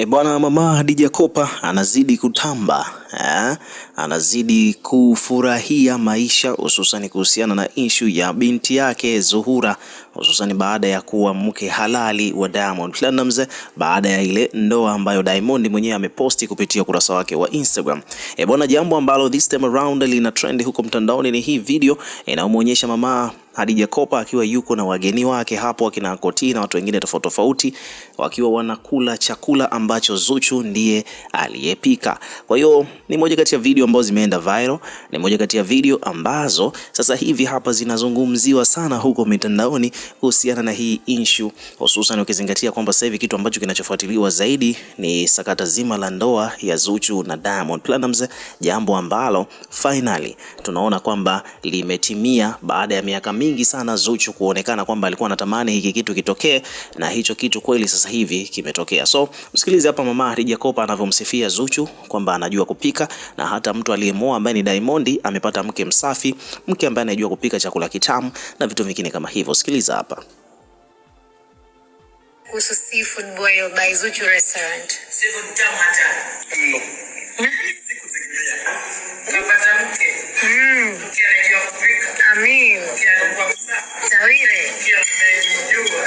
E, bwana mama Hadija Kopa anazidi kutamba eh, anazidi kufurahia maisha hususan kuhusiana na ishu ya binti yake Zuhura, hususan baada ya kuwa mke halali wa Diamond Platnumz baada ya ile ndoa ambayo Diamond mwenyewe ameposti kupitia ukurasa wake wa Instagram. E, bwana jambo ambalo this time around lina trend huko mtandaoni ni hii video inayomwonyesha mama Hadija Kopa akiwa yuko na wageni wake hapo akina Koti na watu wengine tofauti tofauti wakiwa wanakula chakula ambacho Zuchu ndiye aliyepika. Kwa hiyo ni moja kati ya video ambazo zimeenda viral, ni moja kati ya video ambazo sasa hivi hapa zinazungumziwa sana huko mitandaoni kuhusiana na hii issue, hususan ukizingatia kwamba sasa hivi kitu ambacho kinachofuatiliwa zaidi ni sakata zima la ndoa ya Zuchu na Diamond Platinumz, jambo ambalo finally tunaona kwamba limetimia baada ya miaka mingi mingi sana Zuchu kuonekana kwamba alikuwa anatamani hiki kitu kitokee, na hicho kitu kweli sasa hivi kimetokea. So msikilize hapa mama Khadija Kopa anavyomsifia Zuchu kwamba anajua kupika na hata mtu aliyemoa ambaye ni Diamond amepata mke msafi, mke ambaye anajua kupika chakula kitamu na vitu vingine kama hivyo. Sikiliza hapa kuhusu seafood boil by Zuchu restaurant. Seafood Zawire,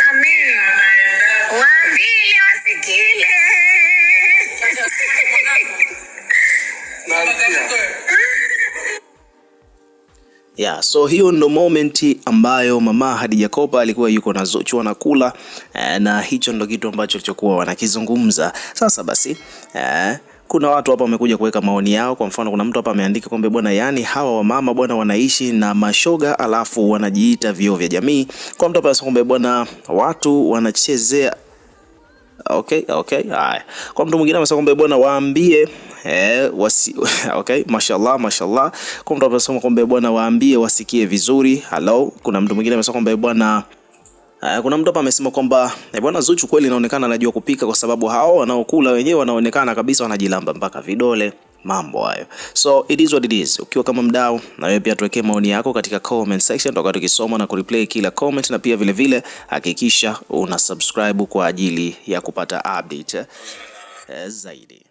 amen, waambie wasikile Yeah, so hiyo ndo momenti ambayo mama hadija Kopa alikuwa yuko na Zuchu anakula, eh, na hicho ndo kitu ambacho kilichokuwa wanakizungumza. Sasa basi eh, kuna watu hapa wamekuja kuweka maoni yao. Kwa mfano, kuna mtu hapa ameandika kwamba bwana, yani hawa wamama bwana wanaishi na mashoga alafu wanajiita vioo vya jamii. Kwa mtu hapa anasema kwamba bwana, watu wanachezea Okay, okay. Haya, kwa mtu mwingine amesema kwamba bwana waambie eh, wasi... okay, mashallah mashallah. Kwa mtu amesema kwamba bwana waambie wasikie vizuri. Hello, kuna mtu mwingine amesema kwamba bwana Eh, kuna mtu hapa amesema kwamba eh, bwana Zuchu kweli inaonekana anajua kupika kwa sababu hao wanaokula wenyewe wanaonekana kabisa wanajilamba mpaka vidole mambo hayo. So it is what it is. Ukiwa kama mdau na wewe pia tuwekee maoni yako katika comment section, tutakuwa tukisoma na kureplay kila comment, na pia vile vile hakikisha una subscribe kwa ajili ya kupata update eh, zaidi.